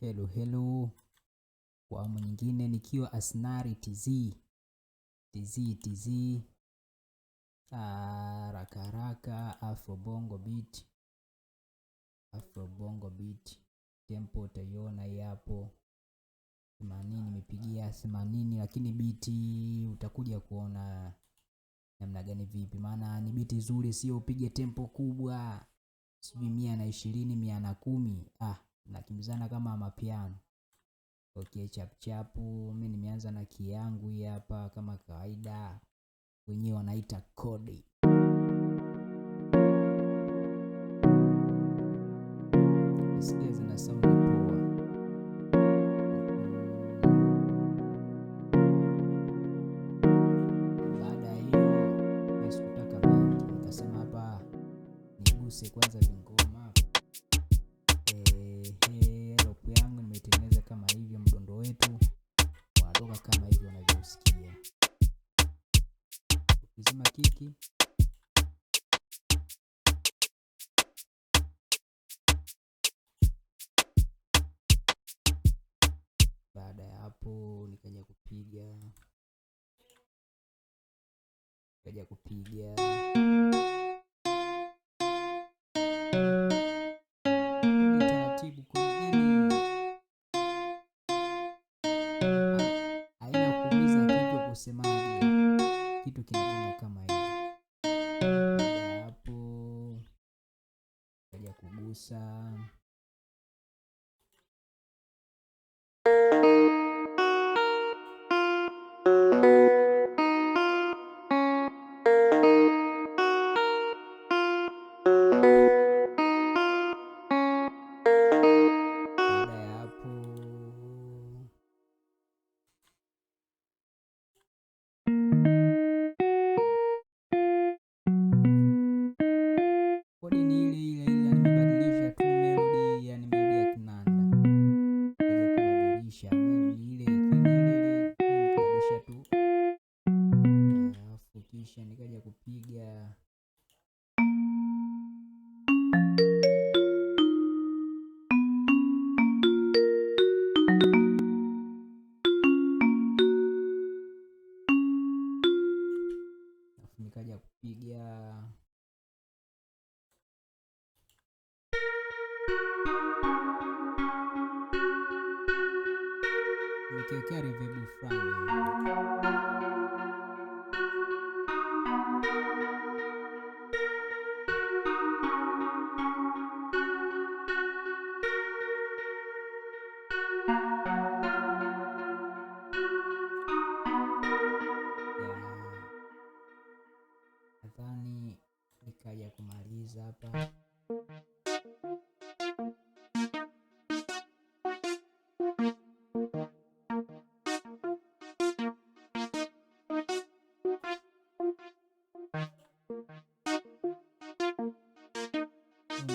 Hello, hello kwa awamu nyingine nikiwa Asnari TZ TZ TZ haraka haraka, afro bongo beat, afro bongo beat, tempo utaiona hii hapo themanini, nimepigia themanini, lakini biti utakuja kuona namna gani vipi, maana ni biti zuri, sio upige tempo kubwa sijui mia na ishirini mia na kumi ah nakimbizana kama mapiano. Okay, chapuchapu, mimi nimeanza na key hii hapa kama kawaida, wenyewe wanaita kodi. Sikia. kiki. Baada ya hapo, nikaja kupiga nikaja kupiga taratibu aina kusemaje kitu kina sa nikaja kupiga nikiwekea reverb fulani fulani nikaja kumaliza hapa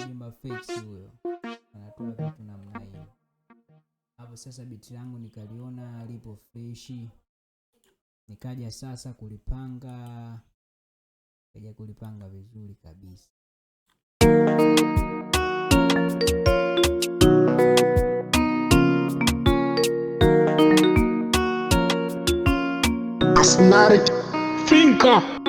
mjomba huyo anatoa vitu namna hiyo. Hapo sasa biti langu nikaliona lipo freshi, nikaja sasa kulipanga Kaja kulipanga vizuri kabisa. Asmari Finka.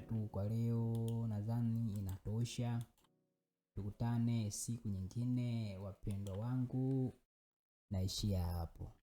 moja tu kwa leo, nadhani inatosha. Tukutane siku nyingine, wapendwa wangu, naishia hapo.